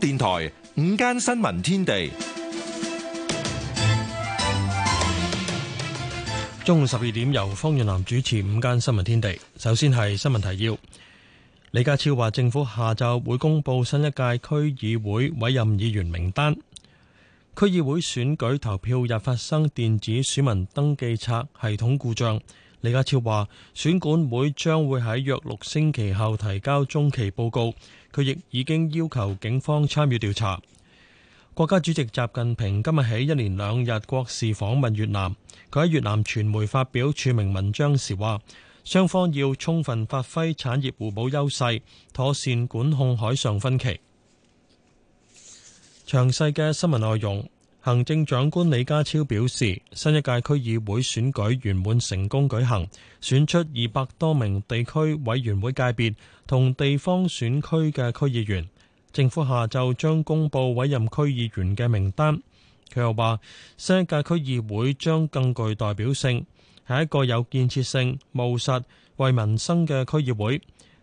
電台午間新聞天地，中午十二點，由方潤南主持午間新聞天地。首先係新聞提要，李家超話政府下晝會公布新一屆區議會委任議員名單。區議會選舉投票日發生電子選民登記冊系統故障，李家超話選管會將會喺約六星期後提交中期報告。佢亦已經要求警方參與調查。國家主席習近平今日起一連兩日國事訪問越南，佢喺越南傳媒發表署名文章時話：雙方要充分發揮產業互補優勢，妥善管控海上分歧。詳細嘅新聞內容。行政長官李家超表示，新一屆區議會選舉圓滿成功舉行，選出二百多名地區委員會界別同地方選區嘅區議員。政府下晝將公布委任區議員嘅名單。佢又話，新一屆區議會將更具代表性，係一個有建設性、務實、為民生嘅區議會，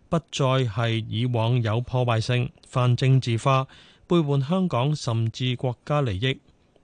不再係以往有破壞性、泛政治化、背叛香港，甚至國家利益。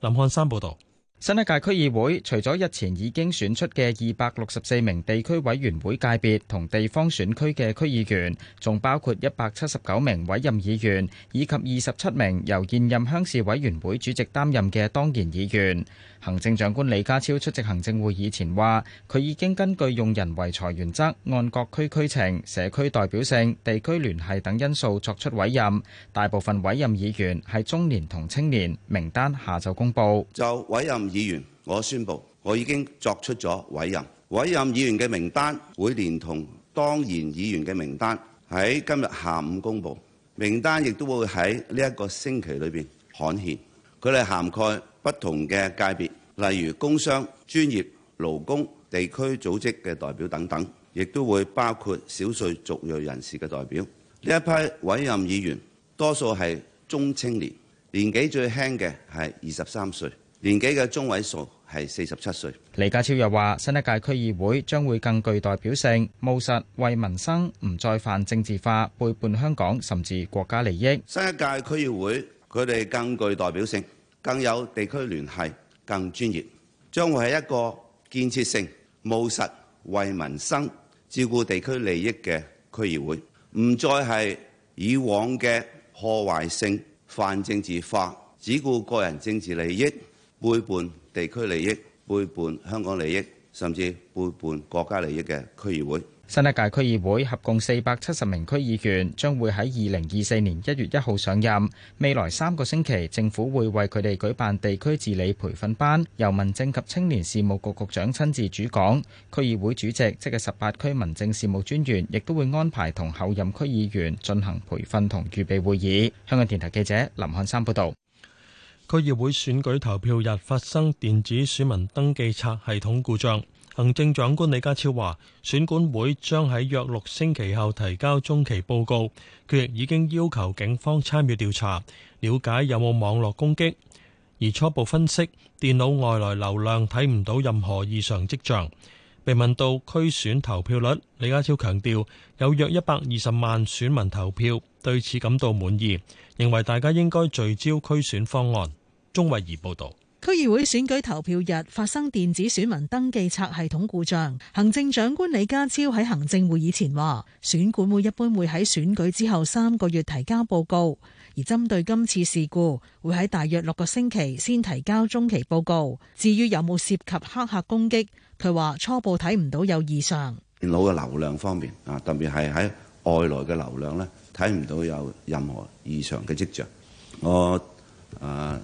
林漢山報道。新一屆區議會除咗日前已經選出嘅二百六十四名地區委員會界別同地方選區嘅區議員，仲包括一百七十九名委任議員以及二十七名由現任鄉事委員會主席擔任嘅當然議員。行政長官李家超出席行政會議前話，佢已經根據用人唯才原則，按各區區情、社區代表性、地區聯繫等因素作出委任。大部分委任議員係中年同青年。名單下晝公布。就委任議員，我宣布，我已經作出咗委任。委任議員嘅名單，會連同當然議員嘅名單喺今日下午公布。名單亦都會喺呢一個星期裏邊刊憲。佢哋涵蓋不同嘅界別，例如工商、專業、勞工、地區組織嘅代表等等，亦都會包括少數族裔人士嘅代表。呢一批委任議員多數係中青年，年紀最輕嘅係二十三歲。年紀嘅中位數係四十七歲。李家超又話：新一屆區議會將會更具代表性，務實為民生，唔再泛政治化，背叛香港甚至國家利益。新一屆區議會佢哋更具代表性，更有地區聯繫，更專業，將會係一個建設性、務實為民生、照顧地區利益嘅區議會，唔再係以往嘅破壞性、泛政治化、只顧個人政治利益、背叛地區利益，背叛香港利益，甚至背叛國家利益嘅區議會。新一屆區議會合共四百七十名區議員將會喺二零二四年一月一號上任。未來三個星期，政府會為佢哋舉辦地區治理培訓班，由民政及青年事務局局長親自主講，區議會主席即係十八區民政事務專員亦都會安排同候任區議員進行培訓同預備會議，香港電台記者林漢山報道。區議會選舉投票日發生電子選民登記冊系統故障，行政長官李家超話，選管會將喺約六星期後提交中期報告，佢亦已經要求警方參與調查，了解有冇網絡攻擊。而初步分析，電腦外來流量睇唔到任何異常跡象。被問到區選投票率，李家超強調有約一百二十萬選民投票，對此感到滿意，認為大家應該聚焦區選方案。鍾慧儀報導，區議會選舉投票日發生電子選民登記冊系統故障，行政長官李家超喺行政會議前話，選管會一般會喺選舉之後三個月提交報告。而針對今次事故，會喺大約六個星期先提交中期報告。至於有冇涉及黑客攻擊，佢話初步睇唔到有異常。電腦嘅流量方面啊，特別係喺外來嘅流量呢，睇唔到有任何異常嘅跡象。我啊、呃、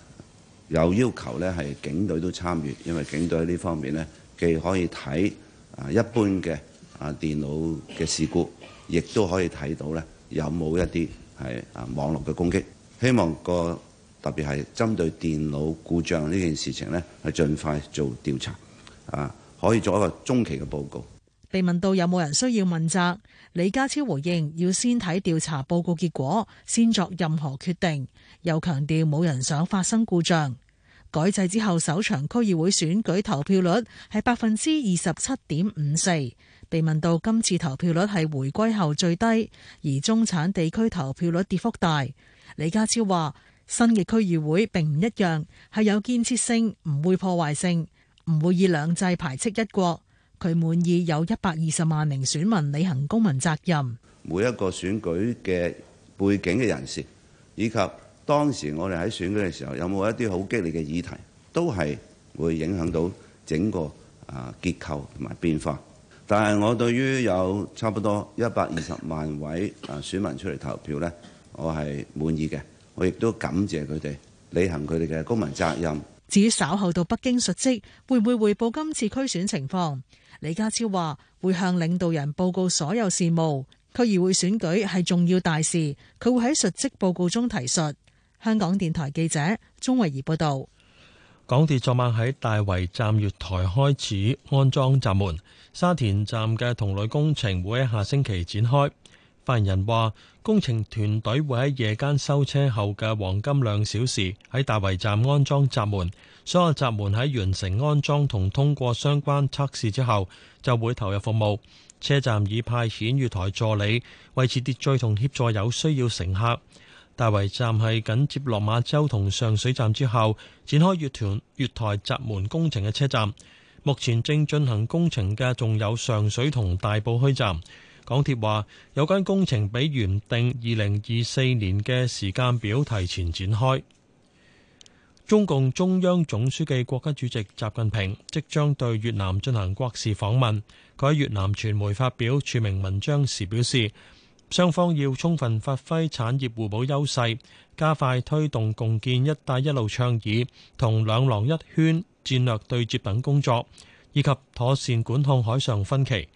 有要求呢係警隊都參與，因為警隊喺呢方面呢既可以睇啊一般嘅啊電腦嘅事故，亦都可以睇到呢有冇一啲。係啊，網絡嘅攻擊，希望個特別係針對電腦故障呢件事情呢，係盡快做調查，啊，可以做一個中期嘅報告。被問到有冇人需要問責，李家超回應要先睇調查報告結果，先作任何決定，又強調冇人想發生故障。改制之後，首場區議會選舉投票率係百分之二十七點五四。被問到今次投票率係回歸後最低，而中產地區投票率跌幅大，李家超話：新嘅區議會並唔一樣，係有建設性，唔會破壞性，唔會以兩制排斥一國。佢滿意有一百二十萬名選民履行公民責任。每一個選舉嘅背景嘅人士，以及當時我哋喺選舉嘅時候有冇一啲好激烈嘅議題，都係會影響到整個啊結構同埋變化。但係我對於有差不多一百二十萬位啊選民出嚟投票呢，我係滿意嘅。我亦都感謝佢哋履行佢哋嘅公民責任。至於稍後到北京述職，會唔會彙報今次區選情況？李家超話會向領導人報告所有事務。區議會選舉係重要大事，佢會喺述職報告中提述。香港電台記者鍾慧怡報道。港鐵昨晚喺大圍站月台開始安裝閘門。沙田站嘅同類工程會喺下星期展開。發言人話，工程團隊會喺夜間收車後嘅黃金兩小時喺大圍站安裝閘門。所有閘門喺完成安裝同通過相關測試之後，就會投入服務。車站已派遣月台助理維持秩序同協助有需要乘客。大圍站係緊接落馬洲同上水站之後展開月團月台閘門工程嘅車站。目前正進行工程嘅仲有上水同大埔墟站，港鐵話有關工程比原定二零二四年嘅時間表提前展開。中共中央總書記、國家主席習近平即將對越南進行國事訪問，佢喺越南傳媒發表署名文章時表示，雙方要充分發揮產業互補優勢，加快推動共建“一帶一路”倡議，同兩廊一圈戰略對接等工作，以及妥善管控海上分歧。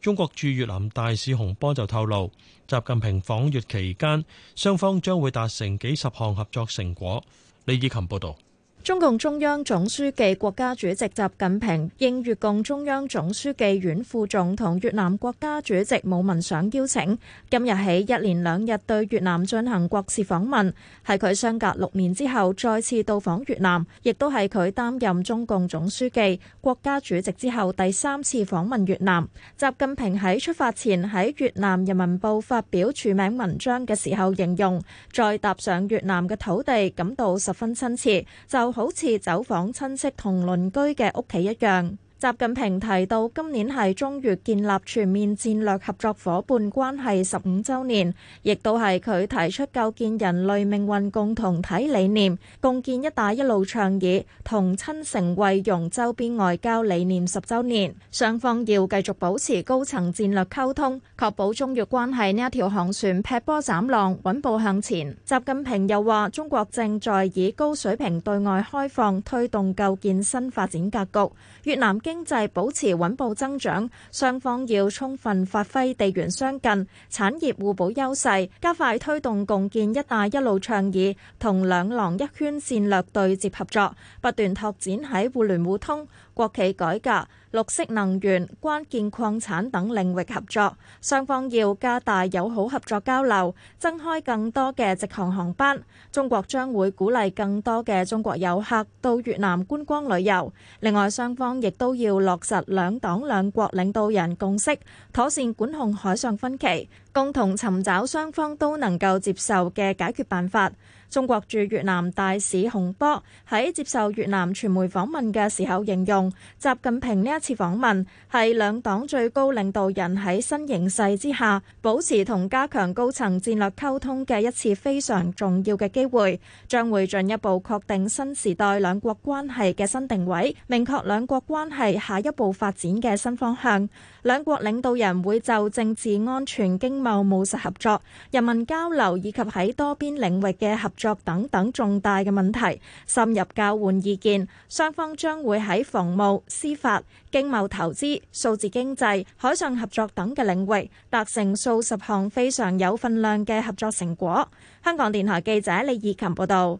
中國駐越南大使洪波就透露，習近平訪越期間，雙方將會達成幾十項合作成果。李以琴報導。中共中央總書記國家主席習近平，應越共中央總書記阮富仲同越南國家主席武文祥邀請，今日起一連兩日對越南進行國事訪問，係佢相隔六年之後再次到訪越南，亦都係佢擔任中共總書記國家主席之後第三次訪問越南。習近平喺出發前喺越南人民報發表署名文章嘅時候形容，再踏上越南嘅土地感到十分親切，就好似走訪親戚同鄰居嘅屋企一樣。習近平提到，今年係中越建立全面戰略合作夥伴關係十五周年，亦都係佢提出構建人類命運共同體理念、共建「一帶一路」倡議同親誠惠容周邊外交理念十周年。雙方要繼續保持高層戰略溝通，確保中越關係呢一條航船劈波斬浪，穩步向前。習近平又話中國正在以高水平對外開放推動構建新發展格局，越南，經濟保持穩步增長，雙方要充分發揮地緣相近、產業互補優勢，加快推動共建“一帶一路”倡議，同“兩廊一圈”戰略對接合作，不斷拓展喺互聯互通，國企改革、綠色能源、關鍵礦產等領域合作，雙方要加大友好合作交流，增開更多嘅直航航班。中國將會鼓勵更多嘅中國遊客到越南觀光旅遊。另外，雙方亦都要落實兩黨兩國領導人共識，妥善管控海上分歧，共同尋找雙方都能夠接受嘅解決辦法。中國駐越南大使洪波喺接受越南傳媒訪問嘅時候形容，習近平呢一次訪問係兩黨最高領導人喺新形勢之下保持同加強高層戰略溝通嘅一次非常重要嘅機會，將會進一步確定新時代兩國關係嘅新定位，明確兩國關係下一步發展嘅新方向。兩國領導人會就政治、安全、經貿、務實合作、人民交流以及喺多邊領域嘅合作，作等等重大嘅問題，深入交換意見，雙方將會喺防務、司法、經貿投資、數字經濟、海上合作等嘅領域達成數十項非常有份量嘅合作成果。香港電台記者李義琴報道。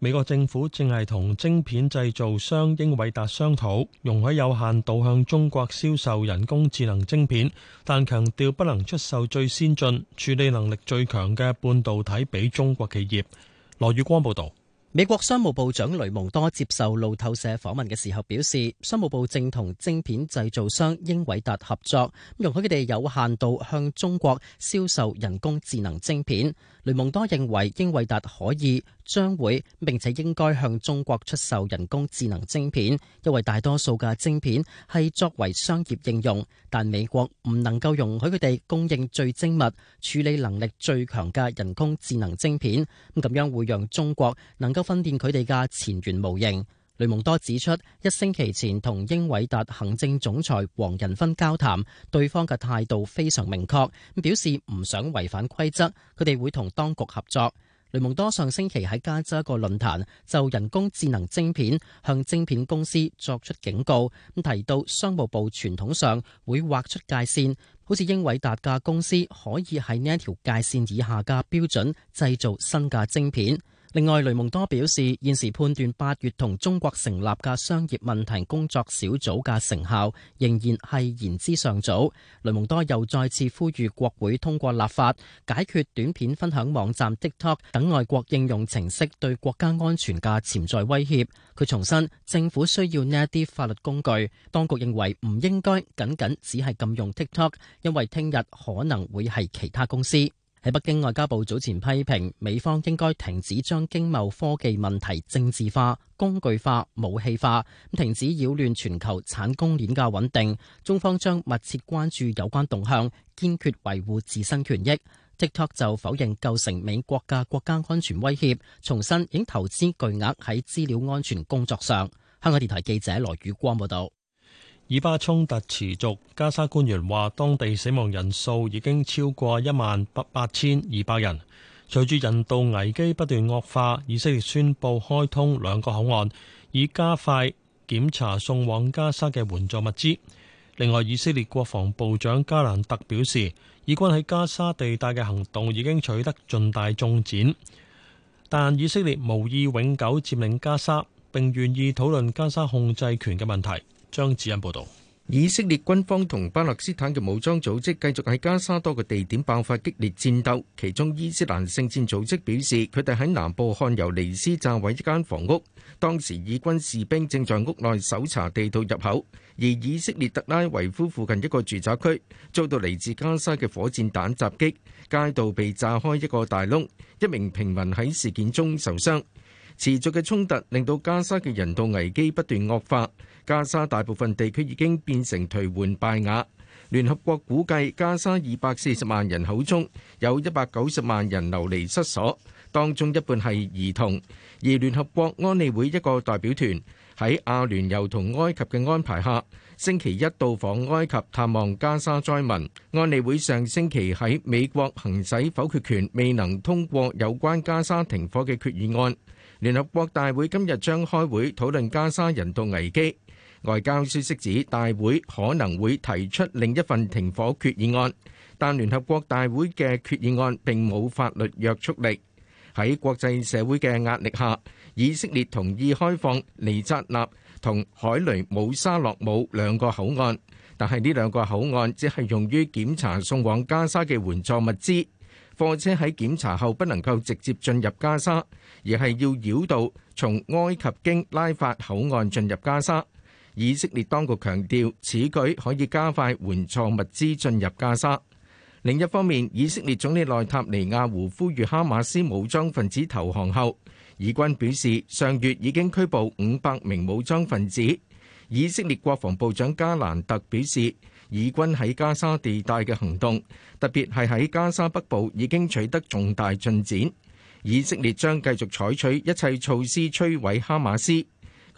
美國政府正係同晶片製造商英偉達商討，容許有限度向中國銷售人工智能晶片，但強調不能出售最先進、處理能力最強嘅半導體俾中國企業。羅宇光報道。美國商務部長雷蒙多接受路透社訪問嘅時候表示，商務部正同晶片製造商英偉達合作，容許佢哋有限度向中國銷售人工智能晶片。雷蒙多認為，英偉達可以將會並且應該向中國出售人工智能晶片，因為大多數嘅晶片係作為商業應用，但美國唔能夠容許佢哋供應最精密、處理能力最強嘅人工智能晶片，咁樣會讓中國能夠分辨佢哋嘅前沿模型。雷蒙多指出，一星期前同英偉達行政總裁黃仁勳交談，對方嘅態度非常明確，表示唔想違反規則，佢哋會同當局合作。雷蒙多上星期喺加州一個論壇就人工智能晶片向晶片公司作出警告，咁提到商務部傳統上會劃出界線，好似英偉達嘅公司可以喺呢一條界線以下嘅標準製造新嘅晶片。另外，雷蒙多表示，現時判斷八月同中國成立嘅商業問題工作小組嘅成效，仍然係言之尚早。雷蒙多又再次呼籲國會通過立法，解決短片分享網站 TikTok 等外國應用程式對國家安全嘅潛在威脅。佢重申，政府需要呢一啲法律工具。當局認為唔應該僅僅只係禁用 TikTok，因為聽日可能會係其他公司。喺北京，外交部早前批評美方應該停止將經貿科技問題政治化、工具化、武器化，咁停止擾亂全球產供鏈嘅穩定。中方將密切關注有關動向，堅決維護自身權益。TikTok 就否認構成美國嘅國家安全威脅，重申已經投資巨額喺資料安全工作上。香港電台記者羅宇光報道。以巴衝突持續，加沙官員話，當地死亡人數已經超過一萬八八千二百人。隨住人道危機不斷惡化，以色列宣布開通兩個口岸，以加快檢查送往加沙嘅援助物資。另外，以色列國防部長加蘭特表示，以軍喺加沙地帶嘅行動已經取得重大進展，但以色列無意永久佔領加沙，並願意討論加沙控制權嘅問題。張智恩報道：以色列軍方同巴勒斯坦嘅武裝組織繼續喺加沙多個地點爆發激烈戰鬥。其中，伊斯蘭聖戰組織表示，佢哋喺南部漢尤尼斯炸毀一間房屋。當時，以軍士兵正在屋內搜查地道入口。而以色列特拉維夫附近一個住宅區遭到嚟自加沙嘅火箭彈襲擊，街道被炸開一個大窿，一名平民喺事件中受傷。持續嘅衝突令到加沙嘅人道危機不斷惡化。加沙大部分地區已經變成頹垣敗瓦。聯合國估計，加沙二百四十萬人口中有一百九十萬人流離失所，當中一半係兒童。而聯合國安理會一個代表團喺阿聯酋同埃及嘅安排下，星期一到訪埃及探望加沙災民。安理會上星期喺美國行使否決權，未能通過有關加沙停火嘅決議案。聯合國大會今日將開會討論加沙人道危機。外交消息指，大會可能會提出另一份停火決議案，但聯合國大會嘅決議案並冇法律約束力。喺國際社會嘅壓力下，以色列同意開放尼扎納同海雷姆沙洛姆兩個口岸，但係呢兩個口岸只係用於檢查送往加沙嘅援助物資。貨車喺檢查後不能夠直接進入加沙，而係要繞道從埃及經拉法口岸進入加沙。以色列當局強調，此舉可以加快援助物資進入加沙。另一方面，以色列總理內塔尼亞胡呼籲哈馬斯武裝分子投降後，以軍表示上月已經拘捕五百名武裝分子。以色列國防部長加蘭特表示，以軍喺加沙地帶嘅行動，特別係喺加沙北部已經取得重大進展。以色列將繼續採取一切措施摧毀哈馬斯。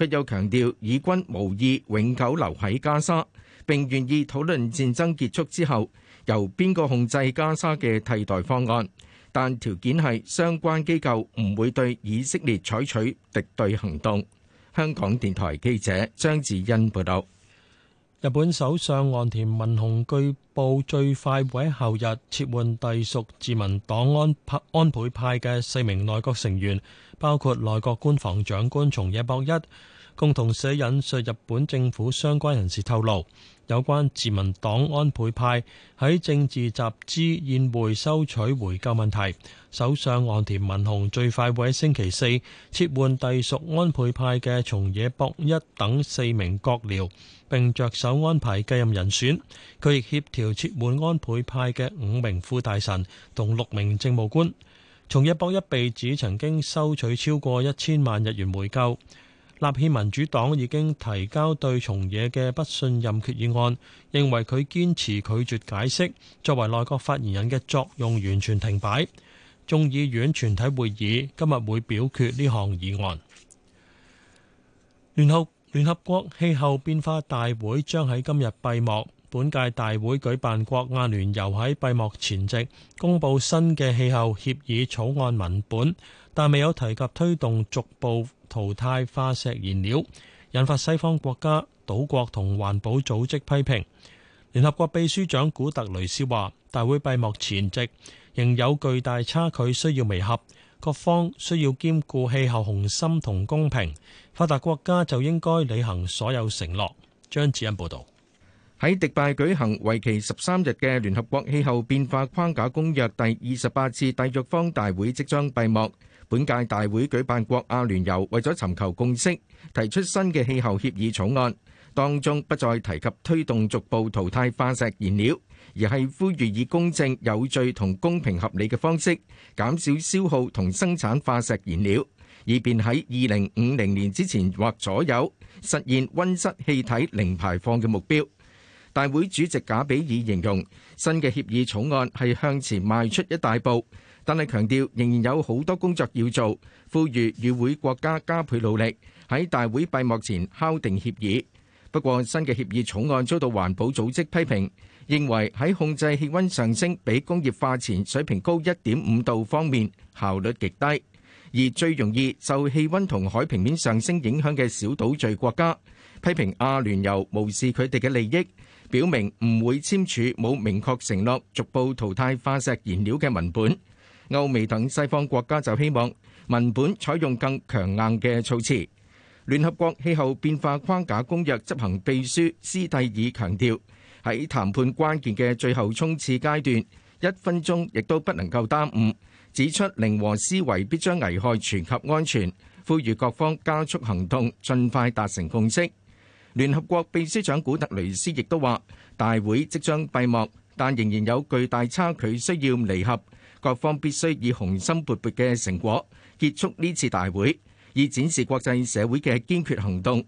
佢又強調，以軍無意永久留喺加沙，並願意討論戰爭結束之後由邊個控制加沙嘅替代方案，但條件係相關機構唔會對以色列採取敵對行動。香港電台記者張智欣報道。日本首相岸田文雄據報最快會喺後日撤換隸屬自民黨安安倍派嘅四名內閣成員，包括內閣官房長官松野博一。共同社引述日本政府相關人士透露，有關自民黨安倍派喺政治集資宴會收取回扣問題，首相岸田文雄最快會喺星期四撤換隸屬安倍派嘅松野博一等四名閣僚。並着手安排繼任人選，佢亦協調撤換安倍派嘅五名副大臣同六名政務官。松野博一被指曾經收取超過一千萬日元回扣。立憲民主黨已經提交對松野嘅不信任決議案，認為佢堅持拒絕解釋，作為內閣發言人嘅作用完全停擺。眾議院全體會議今日會表決呢項議案。然後。聯合國氣候變化大會將喺今日閉幕。本屆大會舉辦國阿聯酋喺閉幕前夕公布新嘅氣候協議草案文本，但未有提及推動逐步淘汰化石燃料，引發西方國家、島國同環保組織批評。聯合國秘書長古特雷斯話：大會閉幕前夕，仍有巨大差距需要彌合。各方需要兼顧氣候雄心同公平，發達國家就應該履行所有承諾。張子欣報道，喺迪拜舉行、為期十三日嘅聯合國氣候變化框架公約第二十八次締約方大會即將閉幕。本屆大會舉辦國阿聯酋，為咗尋求共識，提出新嘅氣候協議草案，當中不再提及推動逐步淘汰化石燃料。而係呼籲以公正、有序同公平合理嘅方式減少消耗同生產化石燃料，以便喺二零五零年之前或左右實現温室氣體零排放嘅目標。大會主席賈比爾形容新嘅協議草案係向前邁出一大步，但係強調仍然有好多工作要做，呼籲與會國家加倍努力，喺大會閉幕前敲定協議。不過，新嘅協議草案遭到環保組織批評。認為喺控制氣温上升比工業化前水平高一點五度方面效率極低，而最容易受氣溫同海平面上升影響嘅小島嶼國家，批評阿聯酋無視佢哋嘅利益，表明唔會簽署冇明確承諾逐步淘汰化石燃料嘅文本。歐美等西方國家就希望文本採用更強硬嘅措辭。聯合國氣候變化框架公約執行秘書斯蒂爾強調，喺談判關鍵嘅最後衝刺階段，一分鐘亦都不能夠耽誤。指出零和思維必將危害全及安全，呼籲各方加速行動，盡快達成共識。聯合國秘書長古特雷斯亦都話：大會即將閉幕，但仍然有巨大差距需要彌合。各方必須以雄心勃勃嘅成果結束呢次大會，以展示國際社會嘅堅決行動。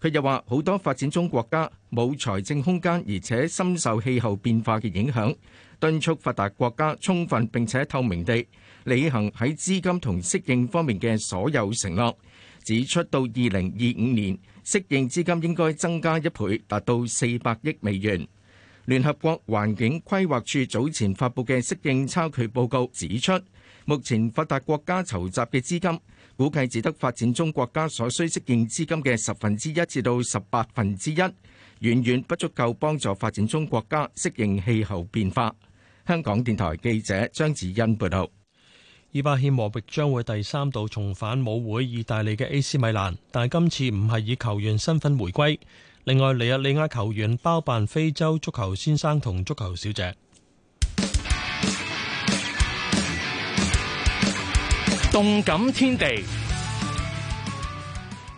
佢又話：好多發展中國家冇財政空間，而且深受氣候變化嘅影響，敦促發達國家充分並且透明地履行喺資金同適應方面嘅所有承諾。指出到二零二五年，適應資金應該增加一倍，達到四百億美元。聯合國環境規劃署早前發布嘅適應差距報告指出，目前發達國家籌集嘅資金估計只得發展中國家所需適應資金嘅十分之一至到十八分之一，遠遠不足夠幫助發展中國家適應氣候變化。香港電台記者張子欣報道。伊巴謙莫域將會第三度重返母會，意大利嘅 AC 米蘭，但係今次唔係以球員身份回歸。另外，尼日利亞球員包辦非洲足球先生同足球小姐。動感天地，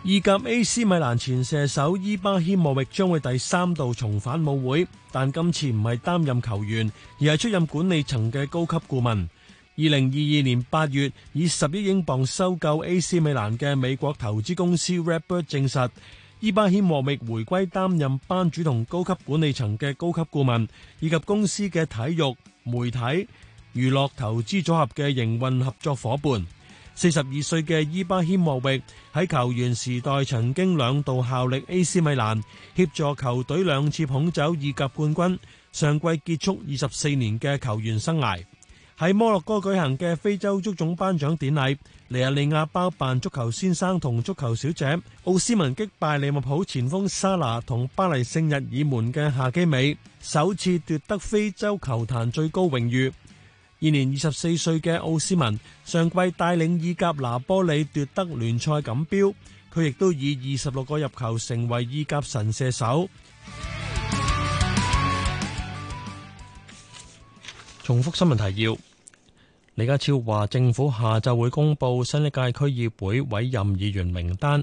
意甲 AC 米蘭前射手伊巴謙莫域將會第三度重返舞會，但今次唔係擔任球員，而係出任管理層嘅高級顧問。二零二二年八月以十億英鎊收購 AC 米蘭嘅美國投資公司 RedBird 證實，伊巴謙莫域回歸擔任班主同高級管理層嘅高級顧問，以及公司嘅體育、媒體、娛樂、投資組合嘅營運合作伙伴。四十二歲嘅伊巴謙莫域喺球員時代曾經兩度效力 AC 米蘭，協助球隊兩次捧走意甲冠軍。上季結束二十四年嘅球員生涯，喺摩洛哥舉行嘅非洲足總頒獎典禮，尼日利亞包辦足球先生同足球小姐。奧斯文擊敗利物浦前鋒沙拿同巴黎聖日耳門嘅夏基美，首次奪得非洲球壇最高榮譽。現年二十四歲嘅奧斯文，上季帶領意甲拿波里奪得聯賽錦標，佢亦都以二十六個入球成為意甲神射手。重複新聞提要：李家超話，政府下晝會公布新一屆區議會委任議員名單。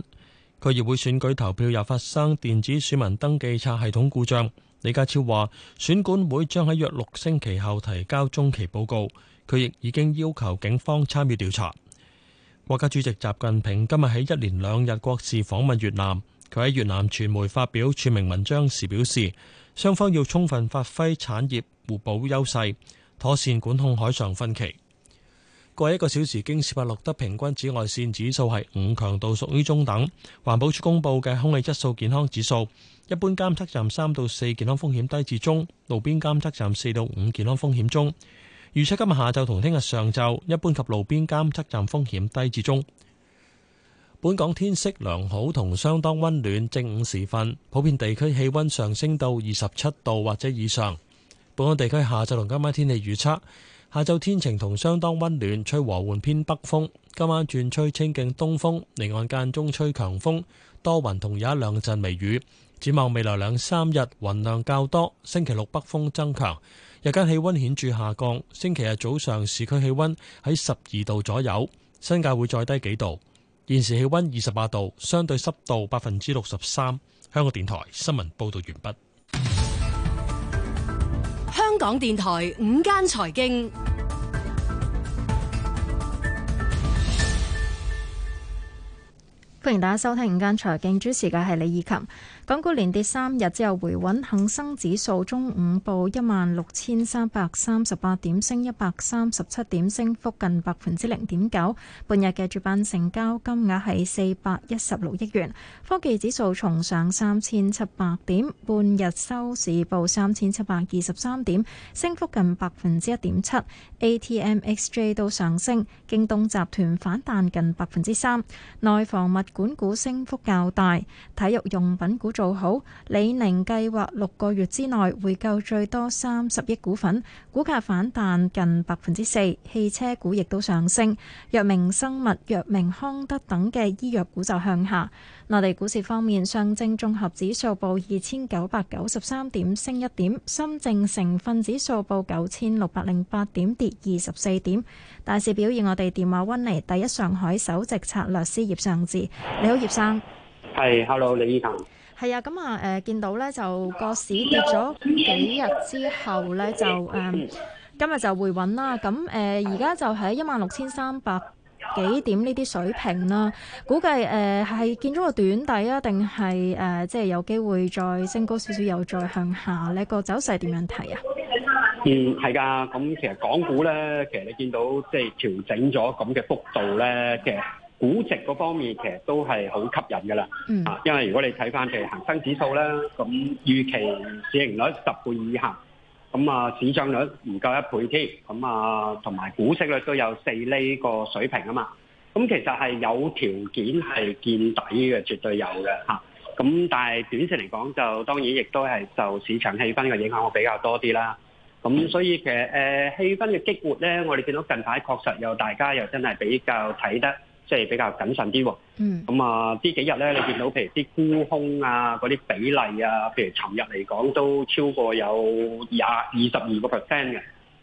區議會選舉投票又發生電子選民登記冊系統故障。李家超話，選管會將喺約六星期後提交中期報告。佢亦已經要求警方參與調查。國家主席習近平今日喺一連兩日國事訪問越南。佢喺越南傳媒發表署名文章時表示，雙方要充分發揮產業互補優勢，妥善管控海上分歧。過一個小時，京士柏錄得平均紫外線指數係五，強度屬於中等。環保署公布嘅空氣質素健康指數，一般監測站三到四健康風險低至中，路邊監測站四到五健康風險中。預測今日下晝同聽日上晝，一般及路邊監測站風險低至中。本港天色良好，同相當溫暖。正午時分，普遍地區氣溫上升到二十七度或者以上。本港地區下晝同今晚天氣預測：下晝天晴同相當溫暖，吹和緩偏北風；今晚轉吹清勁東風，離岸間中吹強風，多雲同有一兩陣微雨。展望未來兩三日，雲量較多。星期六北風增強，日間氣溫顯著下降。星期日早上市區氣溫喺十二度左右，新界會再低幾度。現時氣溫二十八度，相對濕度百分之六十三。香港電台新聞報道完畢。香港電台午間財經，歡迎大家收聽午間財經，主持嘅係李以琴。港股連跌三日之後回穩，恒生指數中午報一萬六千三百三十八點，升一百三十七點，升幅近百分之零點九。半日嘅主板成交金額係四百一十六億元。科技指數重上三千七百點，半日收市報三千七百二十三點，升幅近百分之一點七。ATMXJ 都上升，京東集團反彈近百分之三。內房物管股，股升幅較大，體育用品股。做好李寧計劃，六個月之內回購最多三十億股份，股價反彈近百分之四。汽車股亦都上升，藥明生物、藥明康德等嘅醫藥股就向下。內地股市方面，上證綜合指數報二千九百九十三點，升一點；深證成分指數報九千六百零八點，跌二十四點。大市表現，我哋電話温尼第一上海首席策略師葉尚志，你好，葉生，係 Hello，李醫生。係啊，咁啊，誒、呃、見到咧就個市跌咗幾日之後咧就誒、呃，今日就回穩啦。咁誒而家就喺一萬六千三百幾點呢啲水平啦。估計誒係、呃、見咗個短底啊，定係誒即係有機會再升高少少，又再向下呢個走勢點樣睇啊？嗯，係㗎。咁其實港股咧，其實你見到即係、就是、調整咗咁嘅幅度咧嘅。估值嗰方面其實都係好吸引嘅啦，啊、嗯，因為如果你睇翻嘅恒生指數啦，咁預期市盈率十倍以下，咁啊市賬率唔夠一倍添，咁啊同埋股息率都有四厘個水平啊嘛，咁其實係有條件係見底嘅，絕對有嘅嚇。咁但係短期嚟講，就當然亦都係受市場氣氛嘅影響，比較多啲啦。咁所以其實誒氣、呃、氛嘅激活咧，我哋見到近排確實又大家又真係比較睇得。即係比較謹慎啲喎，咁啊，嗯，幾呢幾日咧，你見到譬如啲沽空啊，嗰啲比例啊，譬如尋日嚟講都超過有廿二十二個 percent 嘅，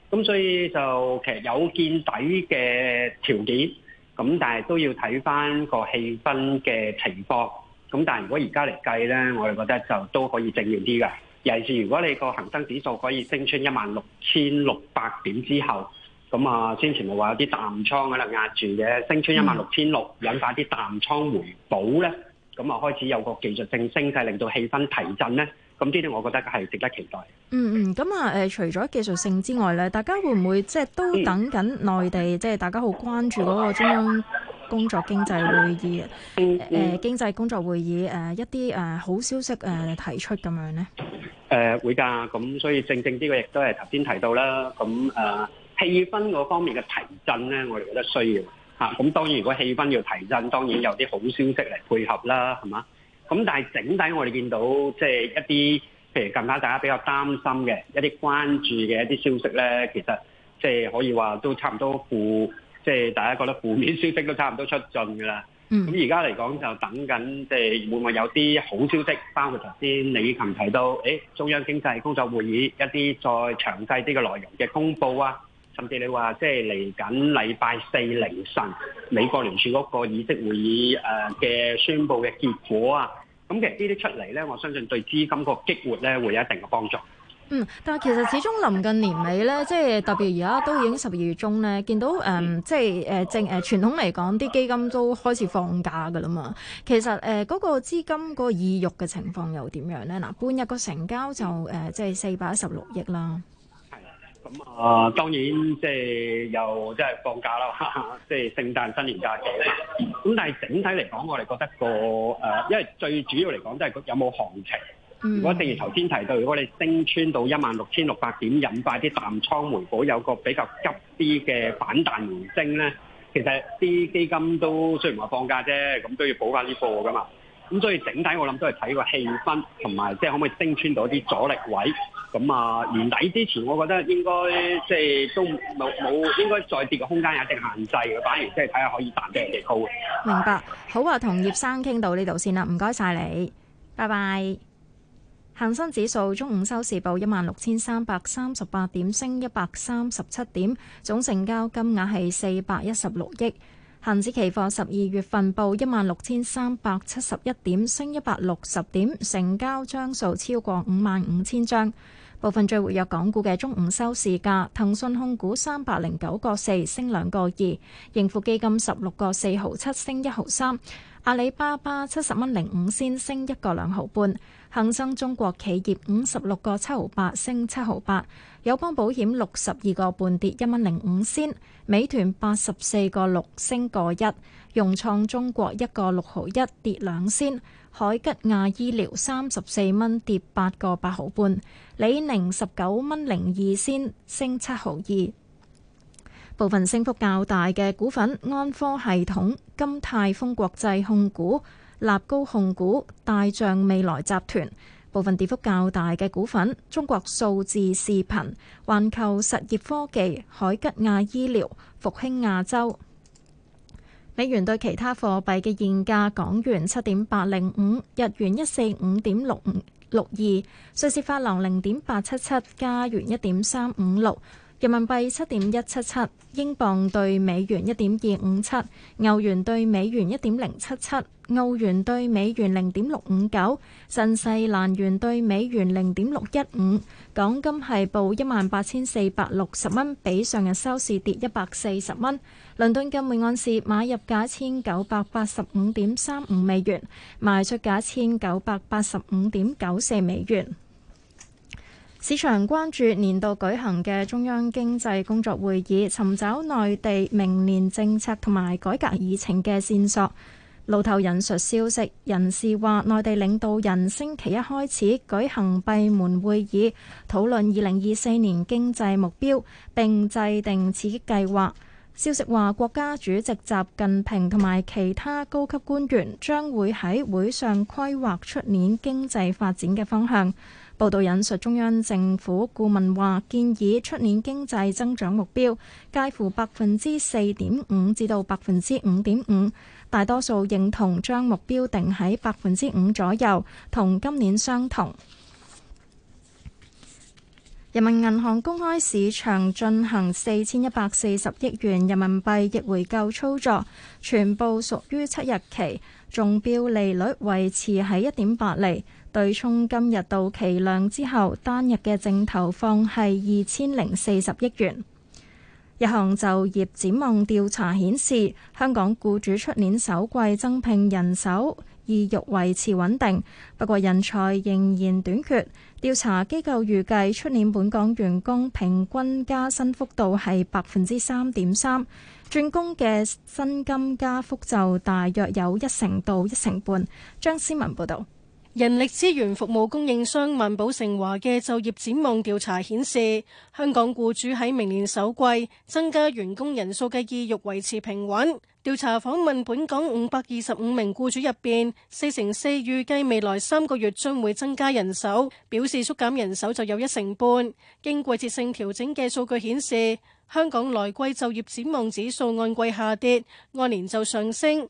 咁所以就其實有見底嘅條件，咁但係都要睇翻個氣氛嘅情況，咁但係如果而家嚟計咧，我哋覺得就都可以正面啲嘅。尤其是如果你個恒生指數可以升穿一萬六千六百點之後。咁啊，先前咪話有啲淡倉嘅啦，壓住嘅升穿一萬六千六，引發啲淡倉回補咧。咁啊、嗯，開始有個技術性升勢，令到氣氛提振咧。咁呢啲我覺得係值得期待嗯。嗯嗯，咁啊，誒，除咗技術性之外咧，大家會唔會即係都等緊內地，即係大家好關注嗰個中央工作經濟會議誒、嗯嗯呃、經濟工作會議誒、呃、一啲誒好消息誒、呃、提出咁樣咧？誒、呃、會㗎，咁、嗯、所以正正呢個亦都係頭先提到啦。咁、嗯、啊～、嗯嗯嗯嗯嗯嗯嗯氣氛嗰方面嘅提振咧，我哋覺得需要嚇。咁、啊、當然，如果氣氛要提振，當然有啲好消息嚟配合啦，係嘛？咁但係整體我哋見到，即係一啲譬如更加大家比較擔心嘅一啲關注嘅一啲消息咧，其實即係可以話都差唔多負，即係大家覺得負面消息都差唔多出盡㗎啦。嗯。咁而家嚟講就等緊，即係會唔會有啲好消息包括頭先李琴提到？誒，中央經濟工作會議一啲再詳細啲嘅內容嘅公布啊！甚至你話即係嚟緊禮拜四凌晨美國聯儲嗰個議息會議嘅宣佈嘅結果啊，咁其實呢啲出嚟咧，我相信對資金個激活咧會有一定嘅幫助。嗯，但係其實始終臨近年尾咧，即係特別而家都已經十二月中咧，見到誒、嗯、即係誒正誒傳統嚟講啲基金都開始放假㗎啦嘛。其實誒嗰個資金個意欲嘅情況又點樣咧？嗱，半日個成交就誒即係四百一十六億啦。咁啊、嗯，當然即係又即係放假啦，即係聖誕新年假期咧。咁但係整體嚟講，我哋覺得個誒、呃，因為最主要嚟講都係有冇行情。如果正如頭先提到，如果你升穿到一萬六千六百點，引發啲淡倉回補，有個比較急啲嘅反彈回升咧，其實啲基金都雖然話放假啫，咁都要補翻啲貨㗎嘛。咁、嗯、所以整體我諗都係睇個氣氛同埋，即係可唔可以升穿到啲阻力位。咁啊，年底之前我覺得應該即係都冇冇應該再跌嘅空間，有一定限制嘅，反而即係睇下可以彈得幾高。明白，好啊，同葉生傾到呢度先啦，唔該晒你，拜拜。恒生指數中午收市報一萬六千三百三十八點，升一百三十七點，總成交金額係四百一十六億。恒指期貨十二月份報一萬六千三百七十一點，升一百六十點，成交張數超過五萬五千張。部分最活躍港股嘅中午收市價，騰訊控股三百零九個四，升兩個二；盈富基金十六個四毫七，升一毫三；阿里巴巴七十蚊零五先，升一個兩毫半；恒生中國企業五十六個七毫八，升七毫八。友邦保險六十二個半跌一蚊零五仙，美團八十四個六升個一，融創中國一個六毫一跌兩仙，海吉亞醫療三十四蚊跌八個八毫半，李寧十九蚊零二仙升七毫二。部分升幅較大嘅股份：安科系統、金泰豐國際控股、立高控股、大象未來集團。部分跌幅較大嘅股份：中國數字視頻、環球實業科技、海吉亞醫療、復興亞洲。美元對其他貨幣嘅現價：港元七點八零五，日元一四五點六五六二，瑞士法郎零點八七七，加元一點三五六。人民幣七點一七七，英鎊兌美元一點二五七，歐元兌美元一點零七七，澳元兌美元零點六五九，新西蘭元兌美元零點六一五。港金係報一萬八千四百六十蚊，比上日收市跌一百四十蚊。倫敦金每盎司買入價一千九百八十五點三五美元，賣出價一千九百八十五點九四美元。市場關注年度舉行嘅中央經濟工作會議，尋找內地明年政策同埋改革議程嘅線索。路透引述消息人士話，內地領導人星期一開始舉行閉門會議，討論二零二四年經濟目標，並制定刺激計劃。消息話，國家主席習近平同埋其他高級官員將會喺會上規劃出年經濟發展嘅方向。報道引述中央政府顧問話：建議出年經濟增長目標介乎百分之四點五至到百分之五點五，大多數認同將目標定喺百分之五左右，同今年相同。人民銀行公開市場進行四千一百四十億元人民幣逆回購操作，全部屬於七日期，中標利率維持喺一點八厘。對沖今日到期量之後，單日嘅正投放係二千零四十億元。一項就業展望調查顯示，香港僱主出年首季增聘人手，意欲維持穩定，不過人才仍然短缺。調查機構預計出年本港員工平均加薪幅度係百分之三點三，轉工嘅薪金加幅就大約有一成到一成半。張思文報導。人力資源服務供應商萬寶盛華嘅就業展望調查顯示，香港僱主喺明年首季增加員工人數嘅意欲維持平穩。調查訪問本港五百二十五名僱主入邊，四成四預計未來三個月將會增加人手，表示縮減人手就有一成半。經季節性調整嘅數據顯示，香港來季就業展望指數按季下跌，按年就上升。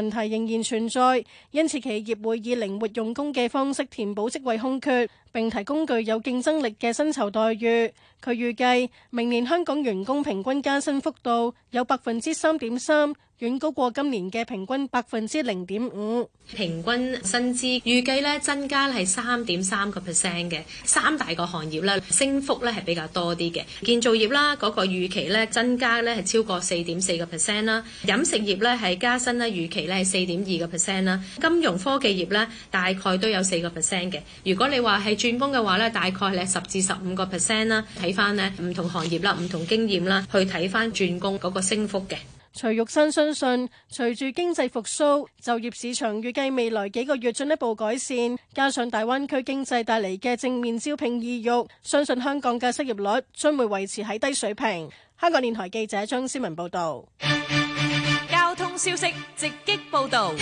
問題仍然存在，因此企業會以靈活用工嘅方式填補職位空缺，並提供具有競爭力嘅薪酬待遇。佢預計，明年香港員工平均加薪幅度有百分之三點三。遠高過今年嘅平均百分之零點五，平均薪資預計咧增加係三點三個 percent 嘅。三大個行業咧，升幅咧係比較多啲嘅。建造業啦，嗰個預期咧增加咧係超過四點四個 percent 啦。飲食業咧係加薪咧，預期咧係四點二個 percent 啦。金融科技業咧大概都有四個 percent 嘅。如果你話係轉工嘅話咧，大概咧十至十五個 percent 啦。睇翻咧唔同行業啦，唔同經驗啦，去睇翻轉工嗰個升幅嘅。徐玉新相信，隨住經濟復甦，就業市場預計未來幾個月進一步改善，加上大灣區經濟帶嚟嘅正面招聘意欲，相信，信香港嘅失業率將會維持喺低水平。香港電台記者張思文報道。交通消息直擊報道。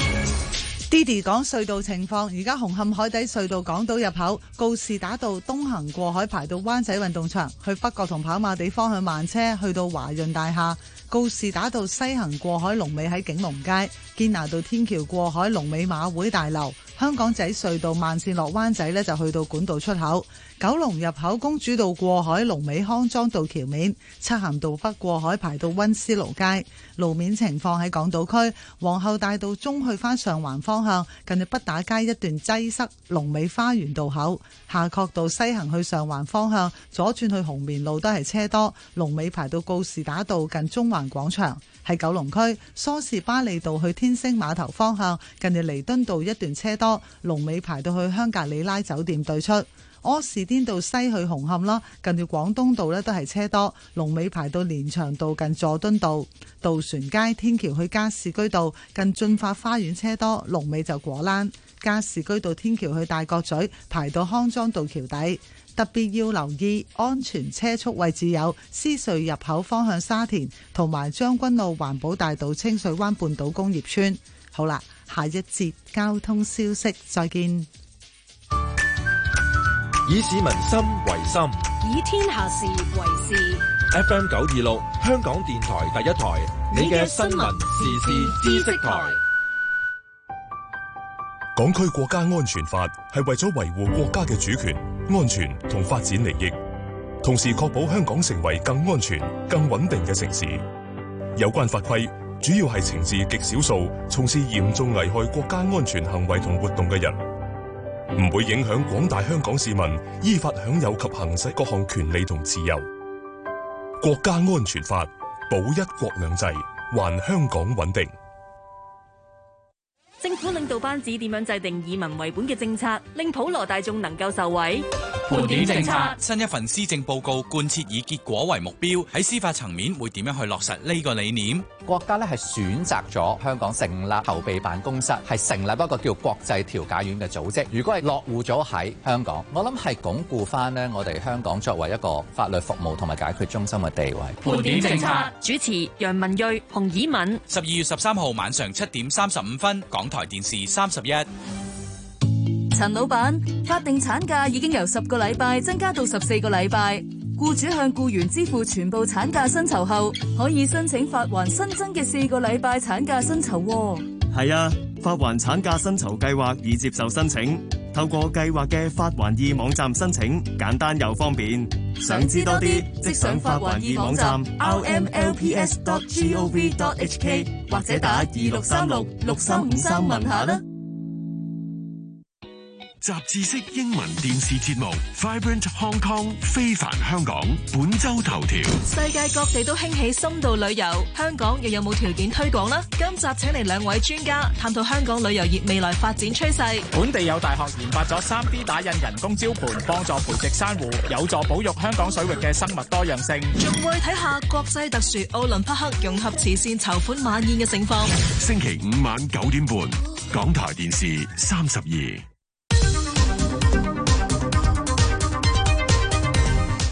d i d 講隧道情況，而家紅磡海底隧道港島入口告士打道東行過海，排到灣仔運動場去北角同跑馬地方向慢車，去到華潤大廈。告士打道西行過海龍尾喺景龍街，堅拿道天橋過海龍尾馬會大樓，香港仔隧道慢線落灣仔呢就去到管道出口。九龍入口公主道過海，龍尾康莊道橋面；漆咸道北過海排到溫思勞街路面情況，喺港島區皇后大道中去返上環方向，近住畢打街一段擠塞，龍尾花園道口。夏愨道西行去上環方向左轉去紅棉路都係車多，龍尾排到告士打道近中環廣場。喺九龍區梳士巴利道去天星碼頭方向，近住彌敦道一段車多，龍尾排到去香格里拉酒店對出。柯士甸道西去紅磡啦，近條廣東道呢都係車多，龍尾排到連翔道近佐敦道。渡船街天橋去加士居道近駿發花園車多，龍尾就果欄。加士居道天橋去大角咀排到康莊道橋底。特別要留意安全車速位置有獅隧入口方向沙田同埋將軍澳環保大道清水灣半島工業村。好啦，下一節交通消息，再見。以市民心為心，以天下事為事。FM 九二六，香港電台第一台，你嘅新聞、時事、知識台。港區國家安全法係為咗維護國家嘅主權、安全同發展利益，同時確保香港成為更安全、更穩定嘅城市。有關法規主要係懲治極少數從事嚴重危害國家安全行為同活動嘅人。唔會影響廣大香港市民依法享有及行使各項權利同自由。國家安全法，保一國兩制，還香港穩定。政府領導班子點樣制定以民為本嘅政策，令普羅大眾能夠受惠？盤點政策，新一份施政報告貫徹以結果為目標，喺司法層面會點樣去落實呢個理念？國家咧係選擇咗香港成立籌備辦公室，係成立一個叫國際調解院嘅組織。如果係落戶咗喺香港，我諗係鞏固翻咧我哋香港作為一個法律服務同埋解決中心嘅地位。盤點政策，主持楊文鋭、洪倚敏，十二月十三號晚上七點三十五分，港台電視三十一。陳老闆，法定產假已經由十個禮拜增加到十四個禮拜。僱主向僱員支付全部產假薪酬後，可以申請發還新增嘅四個禮拜產假薪酬。哦。係啊，發還產假薪酬計劃已接受申請，透過計劃嘅發還易網站申請，簡單又方便。想知多啲，即上發還易網站，站 rmlps.gov.hk 或者打二六三六六三五三問下啦。雜誌式英文電視節目 Vibrant Hong Kong 非凡香港本周頭條：世界各地都興起深度旅遊，香港又有冇條件推廣呢？今集請嚟兩位專家探討香港旅遊業未來發展趨勢。本地有大學研發咗三 D 打印人工礁盤，幫助培植珊瑚，有助保育香港水域嘅生物多樣性。仲會睇下國際特殊奧林匹克融合慈善籌款，款晚宴嘅盛況。星期五晚九點半，港台電視三十二。